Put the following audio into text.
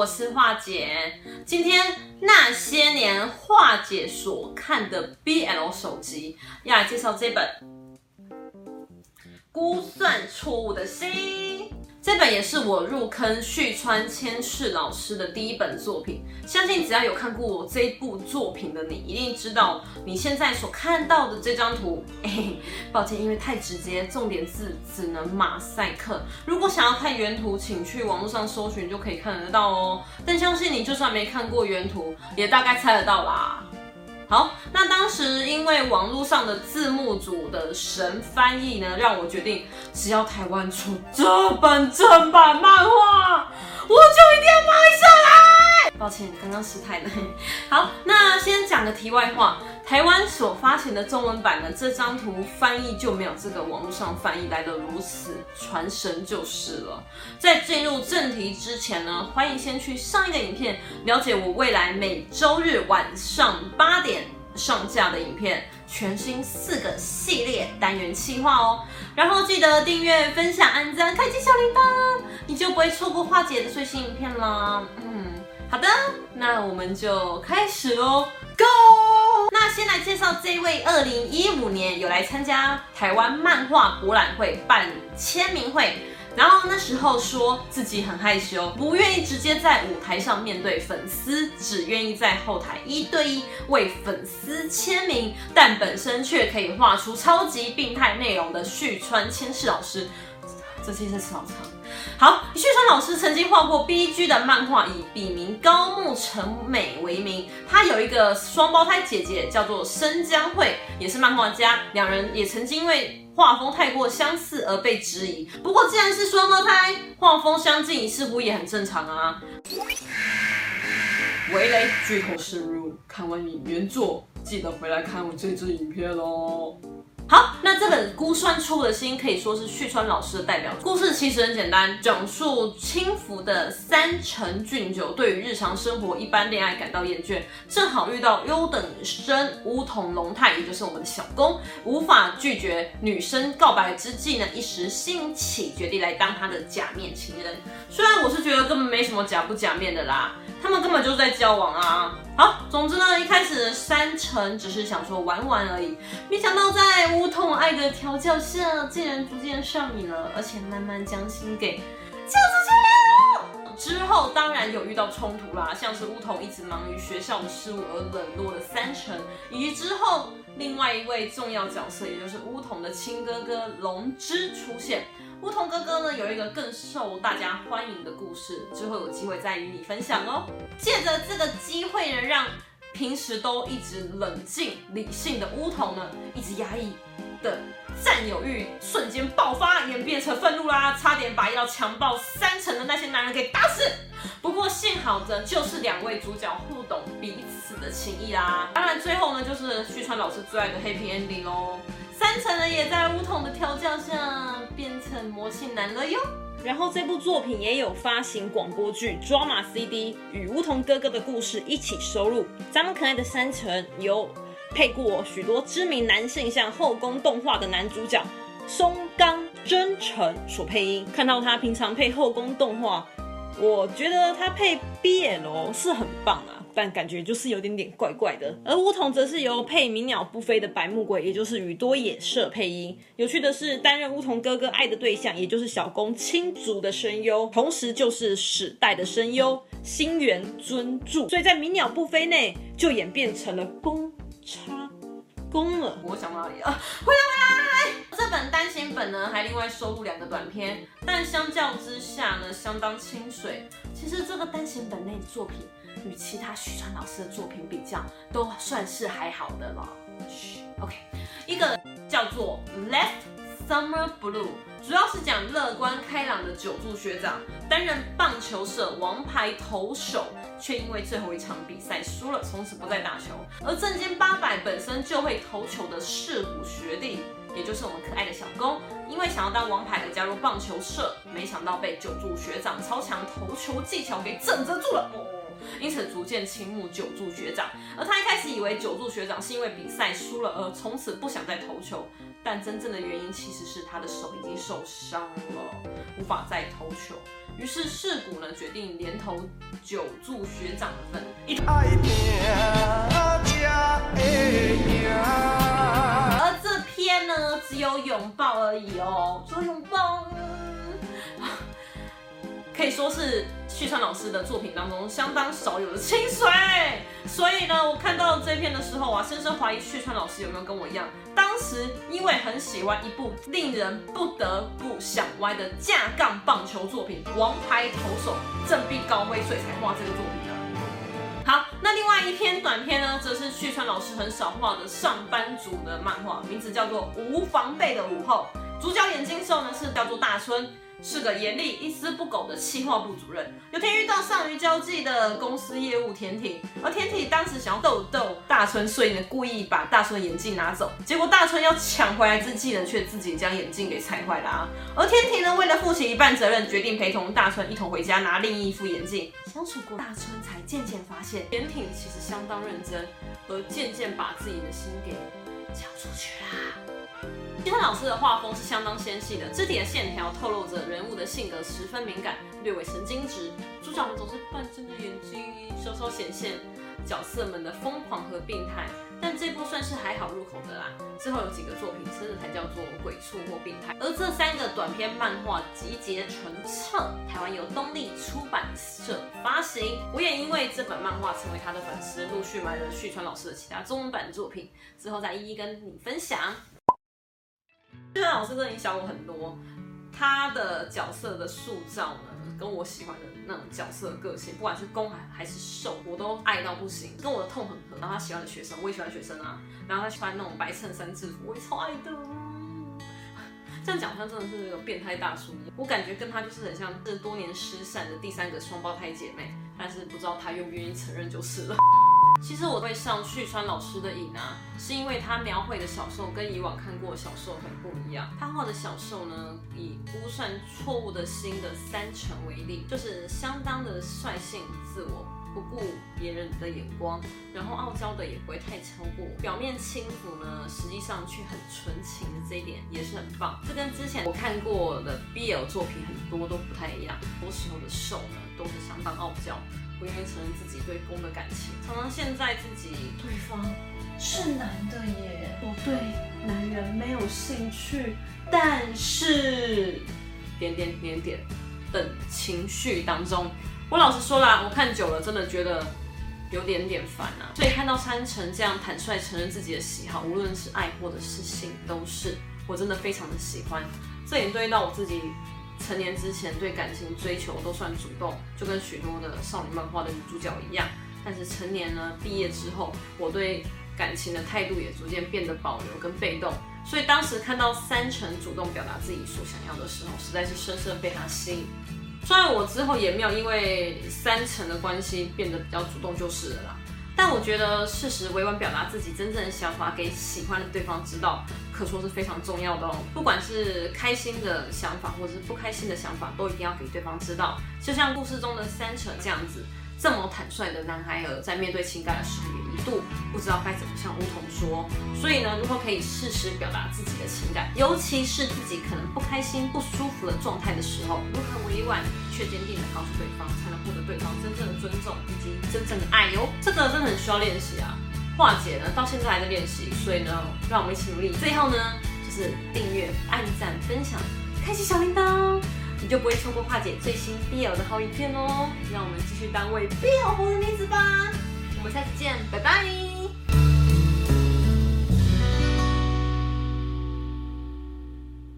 我是樺姐，今天那些年樺姐所看的 BL 手機，要來介紹這本。估算錯誤的心，這本也是我入坑緒川千世老師的第一本作品。相信只要有看過我這一部作品的你，一定知道你現在所看到的這張圖。哎，抱歉，因為太直接，重點字只能馬賽克。如果想要看原圖，請去網絡上搜尋就可以看得到哦。但相信你就算沒看過原圖，也大概猜得到啦。好，那當時因為網絡上的字幕組的神翻譯呢，讓我決定只要台灣出這本正版漫畫，我就一定要買下來。抱歉，剛剛失態了。好，那先講個題外話。台灣所發行的中文版呢，這張圖翻譯就沒有這個網絡上翻譯來得如此傳神，就是了。在進入正題之前呢，歡迎先去上一個影片了解我未來每周日晚上八點上架的影片，全新四個系列單元企劃哦、喔。然後記得訂閱、分享、按讚、開啟小鈴鐺，你就不會錯過樺姐的最新影片啦。嗯，好的，那我們就開始嘍，Go！先來介紹這位，二零一五年有來參加台灣漫畫博覽會辦理簽名會，然後那時候說自己很害羞，不願意直接在舞台上面對粉絲，只願意在後台一對一為粉絲簽名，但本身卻可以畫出超級病態內容的緒川千世老師，這期是好長。好，緒川老師曾經畫過 B G 的漫畫，以筆名高木成美為名。她有一個雙胞胎姐姐，叫做申江繪，也是漫畫家。兩人也曾經因為畫風太過相似而被質疑。不過既然是雙胞胎，畫風相近似乎也很正常啊。微雷， 最後是「入。看完你原作，記得回來看我這支影片哦。好，那這本《估算錯的心》可以說是緒川老師的代表作。故事其實很簡單，講述輕浮的三城俊久對於日常生活、一般戀愛感到厭倦，正好遇到優等生梧桐龍太，也就是我們的小攻，無法拒絕女生告白之際呢，一時興起決定來當她的假面情人。雖然我是覺得根本沒什麼假不假面的啦。他們根本就在交往啊！好，總之呢，一開始三城只是想說玩玩而已，沒想到在烏桐愛的調教下，竟然逐漸上癮了，而且慢慢將心給交出去了。就是、之後當然有遇到衝突啦，像是烏桐一直忙於學校的事務而冷落了三城，以及之後另外一位重要角色，也就是烏桐的親哥哥龍之出現。梧桐哥哥呢，有一個更受大家歡迎的故事，之後有機會再與你分享哦。借着這個機會呢，讓平時都一直冷靜理性的梧桐呢，一直壓抑的佔有慾瞬間爆發，演變成憤怒啦，差點把要強暴三成的那些男人給打死。不過幸好的，就是兩位主角互動彼此的情誼啦。當然最後呢，就是緒川老師最愛的 happy ending 哦。三城呢，也在梧桐的調教下變成魔性男了喲。然後這部作品也有發行廣播劇 drama CD，與梧桐哥，哥哥的故事一起收錄。咱們可愛的三城由配過許多知名男性向後宮動畫的男主角松岡禎丞所配音。看到他平常配後宮動畫，我覺得他配 BL、哦、是很棒啊。但感覺就是有點點怪怪的。而梧桐則是由配鳴鳥不飛的百目鬼，也就是羽多野涉配音。有趣的是，擔任梧桐哥哥愛的對象，也就是小公親族的聲優，同時就是矢代的聲優新垣樽助，所以在鳴鳥不飛內就演變成了公叉公了。我想到你啊，回來回來。這本單行本呢，還另外收錄兩個短篇，但相較之下呢，相當清水。其實這個單行本內作品。與其他緒川老師的作品比較，都算是還好的了。噓，OK，一個叫做《Left Summer Blue》，主要是講樂觀開朗的久助學長擔任棒球社王牌投手，卻因為最後一場比賽輸了，從此不再打球。而正經八百本身就會投球的市谷學弟，也就是我們可愛的小攻，因為想要當王牌而加入棒球社，沒想到被久助學長超強投球技巧給整着住了。因此逐漸傾慕久住學長，而他一開始以為久住學長是因為比賽輸了而從此不想再投球，但真正的原因其實是他的手已經受傷了，無法再投球。於是世谷呢決定連投久住學長的份。一而這篇呢只有擁抱而已哦，只有擁抱 可以說是。緒川老師的作品當中相當少有的清水，所以呢，我看到這篇的時候啊，深深懷疑緒川老師有沒有跟我一樣，當時因為很喜歡一部令人不得不想歪的架槓棒球作品《王牌投手振臂高揮》，所以才畫這個作品的啊。好，那另外一篇短篇呢，則是緒川老師很少畫的上班族的漫畫，名字叫做《無防備的午後》，主角眼鏡受呢是叫做大春，是個嚴厲一絲不苟的企劃部主任，有天遇到善於交際的公司業務田庭，而田庭當時想要逗逗大春，所以呢，故意把大春的眼鏡拿走，結果大春要搶回來之際呢，卻自己將眼鏡給踩壞了啊！而田庭呢，為了負起一半責任，決定陪同大春一同回家拿另一副眼鏡。相處過大春，才漸漸發現田庭其實相當認真，而漸漸把自己的心給交出去啦。緒川老師的畫風是相當纖細的，肢體的線條透露着人物的性格，十分敏感，略微神經質。主角們總是半睜着眼睛，稍稍顯現角色們的瘋狂和病態。但這部算是還好入口的啦，之後有幾個作品真的才叫做鬼畜或病態。而這三個短篇漫畫集結成冊，台灣由東立出版社發行。我也因為這本漫畫成為他的粉絲，陸續買了緒川老師的其他中文版作品，之後再一一跟你分享。雖然老師影響我很多，他的角色的塑造呢，跟我喜歡的那種角色的個性，不管是攻還，還是受，我都愛到不行。跟我的痛很合。然後他喜歡的學生，我也喜歡的學生啊。然後他穿那種白襯衫制服，我也超愛的啊。 這樣講他真的是個變態大叔，我感覺跟他就是很像，是多年失散的第三個雙胞胎姐妹。但是不知道他願不願意承認就是了。其實我會上緒川老師的癮啊，是因為他描繪的小受跟以往看過的小受很不一樣。他畫的小受呢，以估算錯誤的心的三城為例，就是相當的率性自我，不顧別人的眼光，然後傲嬌的也不會太超過，表面輕浮呢，實際上卻很純情的這一點也是很棒。這跟之前我看過的 BL 作品很多都不太一樣，多時候的受呢，都是相當傲嬌。不願意承認自己對公的感情，常常現在自己對方是男的耶，我對男人沒有興趣，但是點點點點等情緒當中，我老實說啦，我看久了真的覺得有點點煩啊，所以看到三城這樣坦率承認自己的喜好，無論是愛或者是性，都是我真的非常的喜歡，這也對到我自己。成年之前對感情追求都算主動，就跟許多的少女漫畫的女主角一樣。但是成年呢，畢業之後，我對感情的態度也逐漸變得保留跟被動。所以當時看到三城主動表達自己所想要的時候，實在是深深被他吸引。雖然我之後也沒有因為三城的關係變得比較主動，就是了啦。但我覺得，適時委婉表達自己真正的想法，給喜歡的對方知道，可說是非常重要的哦。不管是開心的想法，或者是不開心的想法，都一定要給對方知道。就像故事中的三城這樣子。這麼坦率的男孩兒，在面對情感的時候，也一度不知道該怎麼向梧桐說。所以呢，如果可以適時表達自己的情感，尤其是自己可能不開心、不舒服的狀態的時候，如何委婉卻堅定地告訴對方，才能獲得對方真正的尊重以及真正的愛喲。這個真的很需要練習啊！樺姐呢，到現在還在練習，所以呢，讓我們一起努力。最後呢，就是訂閱、按讚、分享、開啟小鈴鐺。你就不會錯過樺姐最新 BL 的好影片哦！讓我們繼續當為 BL 活的女子吧！我們下次見，拜拜。